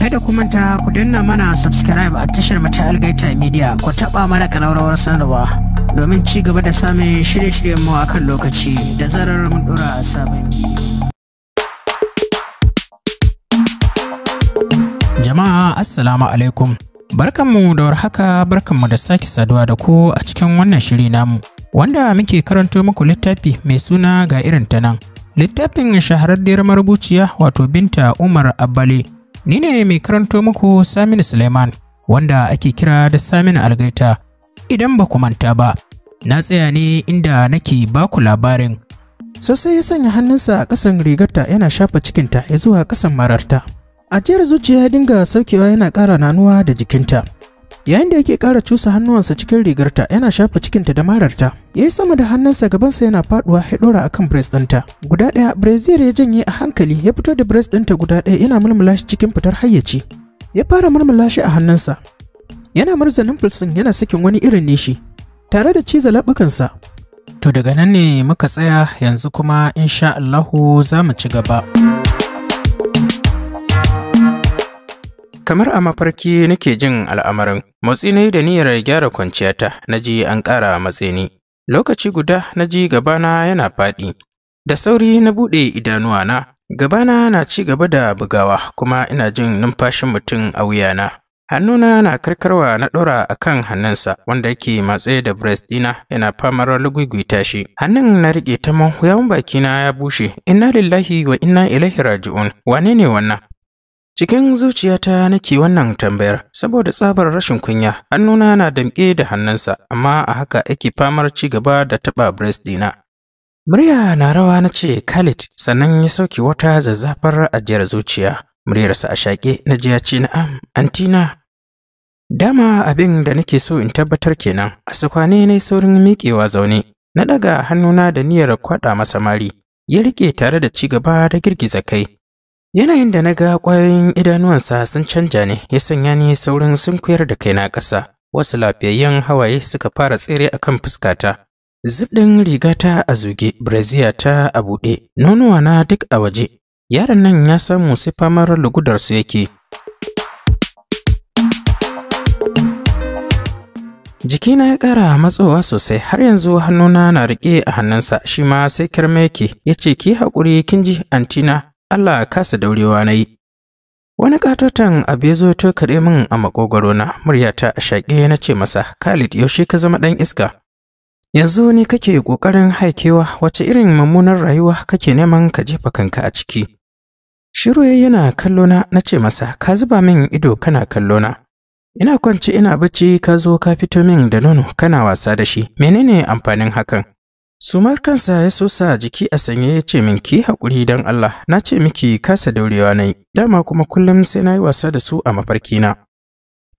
kada ku manta ku danna mana subscribe a tashar mata algaita media ku taba mana kalaurawar sanarwa domin ci gaba da samun shirye-shiryen mu akan lokaci da zarar mun dora sabon jama'a assalamu alaikum barkanmu da warhaka barkanmu da sake saduwa da ku a cikin wannan shiri namu wanda muke karanto muku littafi mai suna ga irin ta nan littafin shahararriyar marubuciya wato binta umar abbali Ni ne mai karanto muku Saminu Suleiman wanda ake kira da Saminu Algaita. Idan ba ku manta ba, na tsaya ne inda nake ba ku labarin. Sosai ya sanya hannunsa a ƙasan rigarta yana shafa cikinta ya zuwa ƙasan mararta. Ajiyar zuciya ya dinga saukewa yana ƙara nanuwa da jikinta. yayin da yake ƙara cusa hannuwansa cikin rigarta yana shafa cikinta da mararta ya yi sama da hannunsa gabansa yana faɗuwa ya ɗora akan bres ɗinta guda ɗaya brazier ya janye a hankali ya fito da bres ɗinta guda ɗaya yana mulmula shi cikin fitar hayyaci ya fara mulmula shi a hannunsa yana murza numfulsin yana sakin wani irin nishi tare da ciza laɓukansa to daga nan ne muka tsaya yanzu kuma insha Allahu za mu ci gaba. kamar a mafarki nake jin al'amarin motsi ne da niyyar gyara kwanciyata na ji an ƙara matse ni lokaci guda na ji gabana yana faɗi da sauri na buɗe idanuwana gabana na ci gaba da bugawa kuma ina jin numfashin mutum a wuyana hannuna na karkarwa na ɗora a kan hannunsa wanda yake matse da breast dina, yana famar lugugui shi hannun na riƙe ta man bakina ya bushe inna lillahi wa inna ilaihi raji'un wane ne wannan Cikin zuciyata nake wannan tambayar saboda tsabar rashin kunya, hannuna na damƙe da hannunsa, amma a haka yake famar ci gaba da taɓa breast dina. Murya na rawa na ce Khalid sannan ya sauke wata zazzafar ajiyar zuciya. Muryarsa a shaƙe na ji ya ce na'am, antina. Dama abin da nake so in tabbatar kenan, a sukwane na saurin miƙewa zaune, na ɗaga hannuna da niyyar kwaɗa masa mari, ya rike tare da ci gaba da girgiza kai. Yanayin da na ga ƙwayoyin idanuwansa sun canja ne ya sanya ni saurin sunkuyar da kaina ƙasa. Wasu lafiyayyen hawaye suka fara tsere a kan fuskata. Zip ɗin rigata a zuge, brazier ta a buɗe, nonuwa na duk a waje. Yaron nan ya samu sai famar su yake. Jikina ya ƙara matsowa sosai har yanzu hannuna na riƙe a hannunsa shi ma sai kirme ya ce ki haƙuri kin ji antina Allah kasa daurewa na yi. Wani katoton abu ya zo to kare min a makogwaro na muryata a shaƙe na ce masa Khalid yaushe ka zama ɗan iska. Yanzu ni kake ƙoƙarin haikewa wace irin mummunar rayuwa kake neman ka jefa kanka a ciki. Shiru yana kallona na ce masa ka zuba min ido kana kallo na Ina kwance ina bacci ka zo ka fito min da nono kana wasa da shi menene amfanin hakan? Sumar kansa ya sosa jiki a sanye ya ce min ki haƙuri don Allah, na ce miki kasa daurewa na yi, dama kuma kullum sai na yi wasa da su a mafarkina.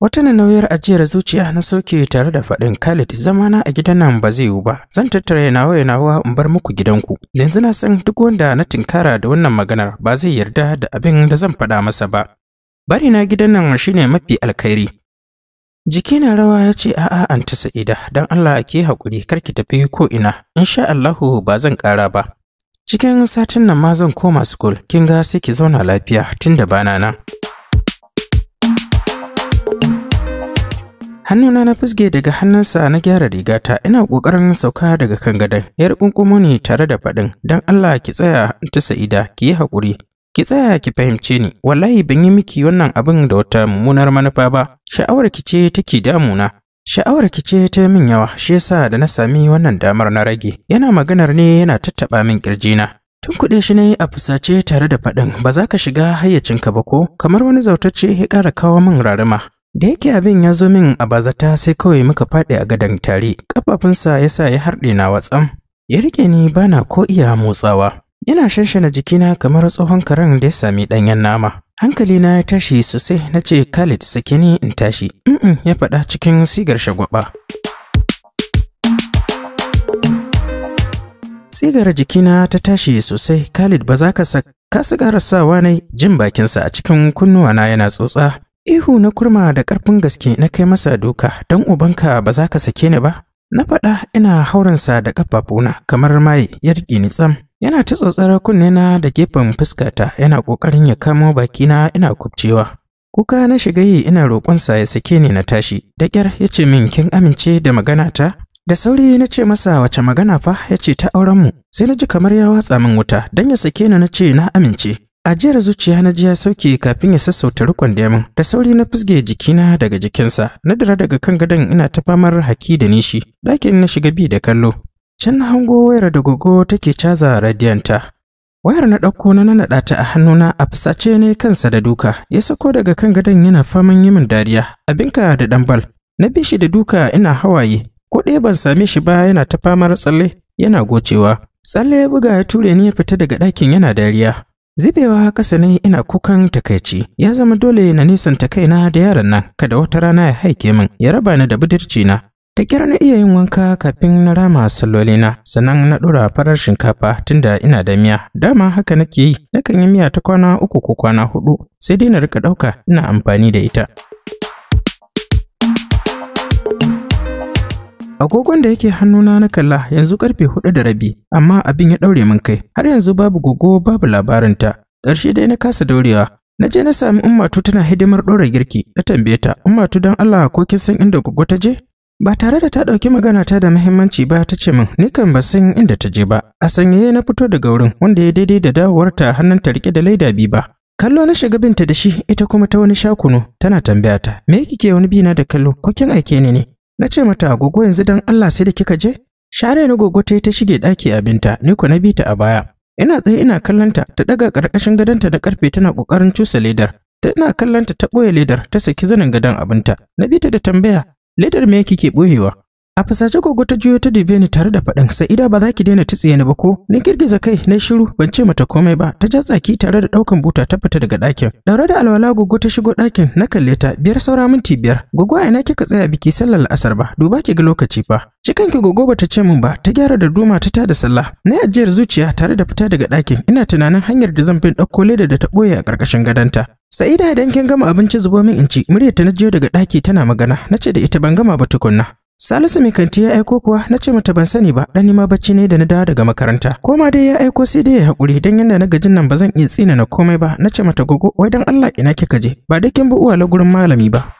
Wata na nauyar ajiyar zuciya na sauke tare da faɗin Khalid zamana a gidan nan ba zai yiwu ba, zan tattara nawa nawa in bar muku gidanku. Yanzu na san duk wanda na tinkara da wannan maganar ba zai yarda da abin da zan faɗa masa ba. Bari na gidan nan shine mafi alkhairi, Jiki na rawa ya ce a'a an ta Sa'ida dan Allah ke hakuri kar ki tafi ko ina insha Allahu ba zan ƙara ba. Cikin satin nan ma zan koma school kin ga sai ki zauna lafiya tunda bana nan. Hannuna na fusge daga hannunsa na gyara rigata ina ƙoƙarin sauka daga kan gadon. Yar kunkumo ne tare da faɗin, don Allah ki tsaya ta Sa'ida, ki yi haƙuri, Ki tsaya ki fahimce ni, wallahi ban yi miki wannan abin da wata mummunar manufa ba, sha'awar ki ce take damuna. Sha'awar ki ce ta min yawa, shi yasa da na sami wannan damar na rage. Yana maganar ne yana tattaɓa min na. Tun kuɗe shi ne a fusace tare da faɗin ba za ka shiga hayyacinka ba ko kamar wani zautacce ya ƙara kawo min raruma. Da yake abin ya zo min a bazata sai kawai muka faɗi a gadon tare, ƙafafunsa ya sa ya harɗe na watsam. Ya rike ni bana ko iya motsawa. Yana shanshana jikina kamar tsohon karen da ya sami ɗanyen nama. Hankali na ya tashi sosai na ce Khalid sake ni in tashi. Mm ya faɗa cikin sigar shagwaba. Sigar jikina ta tashi sosai Khalid ba za ka kasa sawa ne jin bakinsa a cikin kunnuwana yana tsotsa. Ihu na kurma da ƙarfin gaske na kai masa doka don ubanka ba za ka sake ni ba. Na faɗa ina hauransa da kafafuna, kamar mai ya riƙe ni tsam. Yana ta tsotsar na da gefen fuskata yana ƙoƙarin ya kamo bakina ina kubcewa. Kuka na shiga yi ina roƙonsa ya sake ni na tashi, da kyar ya ce min kin amince da magana ta. Da sauri na ce masa wace magana fa ya ce ta auren mu, sai na ji kamar ya watsa min wuta don ya sake ni na ce na amince. Ajiyar zuciya na ji ya sauke kafin ya sassauta rikon damin, da sauri na fusge jikina daga jikinsa, na dira daga kan gadon ina ta famar haki da nishi, ɗakin na shiga bi da kallo, Can hango wayar da gogo take caza radiyanta. Wayar na ɗauko na naɗa ta a hannuna a fusace ne kansa da duka, ya sako daga kan gadon yana faman yimin min dariya, abinka da ɗanbal. Na bi shi da duka ina hawaye, ko ɗaya ban same shi ba yana ta famar tsalle yana gocewa. Tsalle ya buga ya ture ni ya fita daga ɗakin yana dariya. Zubewa kasa ne ina kukan takaici, ya zama dole na nisanta kaina da yaran nan, kada wata rana ya haike min, ya raba ni da budurci na. Ta kyar na iya yin wanka kafin na rama sallolina, sannan na ɗora farar shinkafa tunda ina da miya. Dama haka nake yi, nakan yi miya ta kwana uku ko kwana huɗu, sai dai na rika ɗauka ina amfani da ita. Agogon da yake hannuna na kalla yanzu karfe huɗu da rabi, amma abin ya ɗaure min kai. Har yanzu babu gogo babu labarinta. Ƙarshe dai na kasa daurewa, Na je na sami Ummatu tana hidimar ɗora girki, na tambaye ta, Ummatu don Allah ko kin san inda gogo ta je? ba tare da ta ɗauki maganata da muhimmanci ba ta ce min ni kan ba san inda ta je ba a sanyaye na fito daga wurin wanda ya daidai da dawowarta ta riƙe da laida biyu ba kallo na shiga binta da shi ita kuma ta wani shakuno tana tambaya ta me kike wani bina da kallo ko kin aike ni ne na ce mata agogo yanzu dan Allah sai da kika je share na gogo ta ta shige ɗaki abinta ni ko na bi ta a baya ina tsaye ina kallanta ta daga ƙarƙashin gadonta da karfe tana kokarin cusa ledar tana kallanta ta ɓoye ledar ta saki zanin gadon abinta na bi ta da tambaya ledar me ke boyewa A fasace gogo ta juyo ta dube ni tare da faɗin sa'ida ba za ki daina tsiye ni ba ko? Ni girgiza kai na shiru ban ce mata komai ba ta ja tsaki tare da ɗaukan buta ta fita daga ɗakin. Daure da alwala gogo ta shigo ɗakin na kalle ta biyar saura minti biyar. Gogo a ina kika tsaya biki sallar la'asar ba duba ki ga lokaci fa. ki gogo ba ta ce min ba ta gyara da duma ta tada sallah. Na ajiyar zuciya tare da fita daga ɗakin ina tunanin hanyar da zan bin ɗauko ledar da ta ɓoye a ƙarƙashin gadanta. Sa'ida idan kin gama abinci zubo min in ci, muryar ta jiyo daga ɗaki tana magana, na ce da ita ban gama ba tukunna. Salisu mai kanti ya aiko kuwa na ce mata ban sani ba dan nimabaci bacci ne da na dawo daga makaranta ko ma dai ya aiko sai dai ya haƙuri dan yanda na gajin nan ba zan iya tsina na komai ba na ce mata gogo wai dan Allah ina kika je ba dai kin bi uwa la gurin malami ba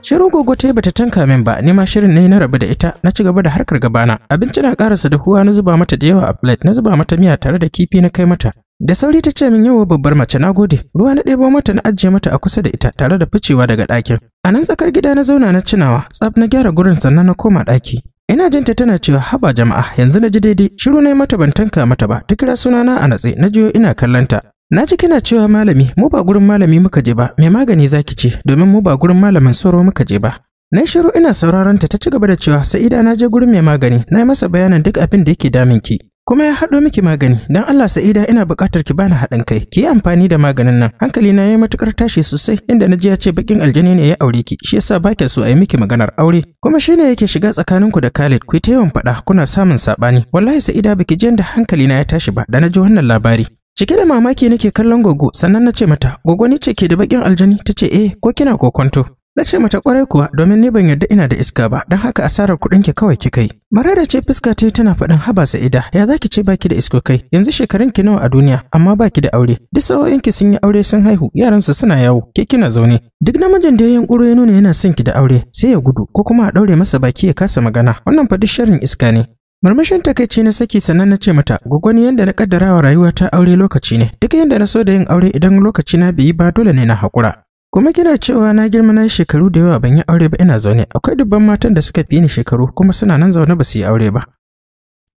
Shirin gogo ta bata tanka min ba, nima shirin ne na rabu da ita, na ci gaba da harkar gabana. Abinci na karasa da huwa na zuba mata da yawa a plate, na zuba mata miya tare da kifi na kai mata. Da sauri ta ce min yawa babbar mace na gode, ruwa na ɗebo mata na ajiye mata a kusa da ita tare da ficewa daga ɗakin. A nan tsakar gida na zauna na cinawa, tsaf na gyara gurin sannan na koma ɗaki. Ina jinta tana cewa haba jama'a yanzu na ji daidai shiru na mata ban tanka mata ba ta kira sunana a natse na jiyo ina kallanta. Na ji kina cewa malami mu ba gurin malami muka je ba mai magani zaki ce domin mu ba gurin malamin soro muka je ba. Na shiru ina sauraron ta ta ci gaba da cewa sa'ida na je gurin mai magani na yi masa bayanin duk abin da yake damin ki kuma ya haɗo miki magani don Allah sa'ida ina buƙatar ki bani haɗin kai ki yi amfani da maganin nan hankali na yi matukar tashi sosai inda na ji ya ce bakin aljani ne ya aure ki shi yasa ba so a yi miki maganar aure kuma shine yake shiga tsakanin ku da Khalid ku ta yawan faɗa kuna samun saɓani wallahi sa'ida baki ji yadda hankali na ya tashi ba da na ji wannan labari Cike da mamaki nake kallon gogo sannan na ce mata gogo ni ce ke da bakin aljani ta ce eh ko kina ko kwanto? Na ce mata kwarai kuwa domin ni ban yarda ina da iska ba don haka asarar kuɗin ki kawai kika yi. Marara ce fuska ta tana faɗin haba sa'ida ya za ki ce baki da isko kai yanzu shekarun ki nawa a duniya amma baki da aure. Duk sahohin ki sun yi aure sun haihu yaransu suna yawo ke kina zaune. Duk namijin da ya yankuro ya nuna yana son ki da aure sai ya gudu ko kuma a ɗaure masa baki ya kasa magana wannan fa duk sharrin iska ne. Marmashin takaici na saki sannan na ce mata gwagwani yadda na kaddara rayuwa ta aure lokaci ne duk yadda na so da yin aure idan lokaci na bai yi ba dole ne na haƙura kuma kina cewa na girma na shekaru da yawa ban yi aure ba ina zaune akwai dubban matan da suka fi ni shekaru kuma suna nan zaune ba su yi aure ba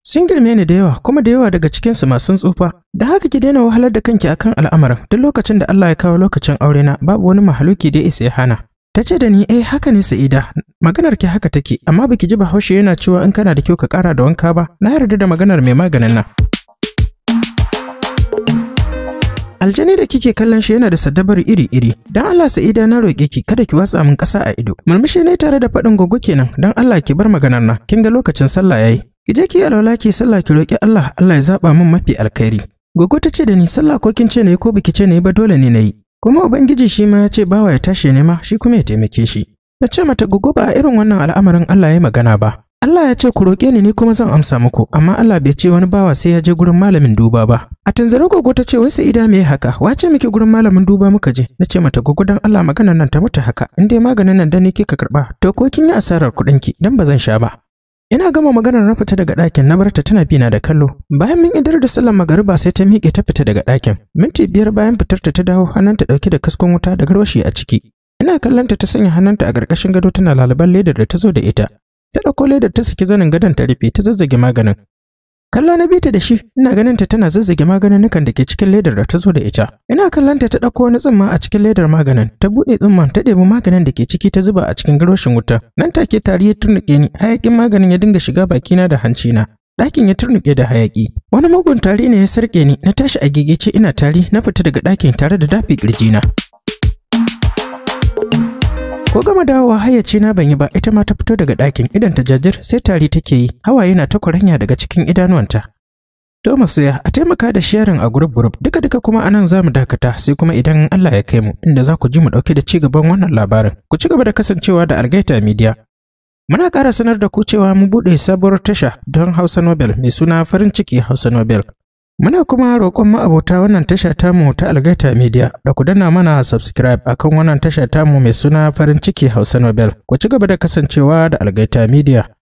sun girme ni da yawa kuma da yawa daga cikin cikinsu masu tsufa da haka ki daina wahalar da kanki akan al'amarin duk lokacin da Allah ya kawo lokacin aure na babu wani mahaluki da isa ya hana ta ce da ni eh haka ne sa'ida maganar ki haka take amma baki ji bahaushe yana cewa in kana da kyau ka kara da wanka ba na yarda da maganar mai maganin nan Aljani da kike kallon shi yana da sadabar iri-iri. Dan Allah Sa'ida na roƙe ki kada ki watsa min ƙasa a ido. Murmushi ne tare da faɗin gogo kenan. Dan Allah ki bar maganar na. Kin ga lokacin sallah yayi. Ki je ki alwala ki sallah ki roƙi Allah Allah ya zaɓa min mafi alkhairi. Gogo ta ce da ni sallah ko kin ce ne ko biki ce ne ba dole ne na yi. Kuma Ubangiji shi ma ya ce bawa ya tashi nema shi kuma ya taimake shi. Ta ce mata gogo ba irin wannan al'amarin Allah ya magana ba. Allah ya ce ku roƙe ni ni kuma zan amsa muku amma Allah bai ce wani bawa sai ya je gurin malamin duba ba a tanzaro gogo ta ce wai sai ida me haka wace muke gurin malamin duba muka je na ce mata gogo dan Allah magana nan ta mutu haka in dai maganin nan da ne kika karba to ko kin yi asarar kuɗin ki dan ba zan sha ba ina gama maganar na fita daga ɗakin na barta tana bina da kallo bayan min idar da sallar magariba sai ta miƙe ta fita daga ɗakin minti biyar bayan fitar ta dawo hannunta ɗauke da kaskon wuta da garwashi a ciki ina kallonta ta sanya hannunta a ƙarƙashin gado tana lalaban ledar da ta zo da ita ta ɗauko ledar ta saki zanin gadon ta rufe ta zazzage maganin kalla na bita da shi ina ganin ta tana zazzage maganin nukan da ke cikin ledar da ta zo da ita ina kallon ta ta ɗauko wani tsumma a cikin ledar maganin ta buɗe tsumman ta ɗebi maganin da ke ciki ta zuba a cikin garwashin wuta nan take tari ya turnuƙe ni hayakin maganin ya dinga shiga bakina da hancina ɗakin ya turnuƙe da hayaki. wani mugun tari ne ya sarƙe ni na tashi a gegece ina tari na fita daga ɗakin tare da dafi ƙirjina. na Ko gama dawowa hayyaci na ban yi ba ita ma ta fito daga ɗakin idan ta jajir sai tari take yi hawaye na ta kuranya daga cikin idanuwanta. To masoya a taimaka da sharing a group group duka duka kuma anan za mu dakata sai kuma idan Allah ya kai mu inda za ku ji mu ɗauke da ci gaban wannan labarin. Ku ci gaba da kasancewa da Algaita Media. Muna ƙara sanar da ku cewa mun buɗe sabuwar tasha don Hausa Nobel mai suna farin ciki Hausa Nobel. Muna kuma roƙon ma'abota wannan tasha tamu ta Algaita Media da ku danna mana subscribe akan wannan tasha tamu mai suna farin ciki Hausa Nobel. Ku ci gaba da kasancewa da Algaita Media.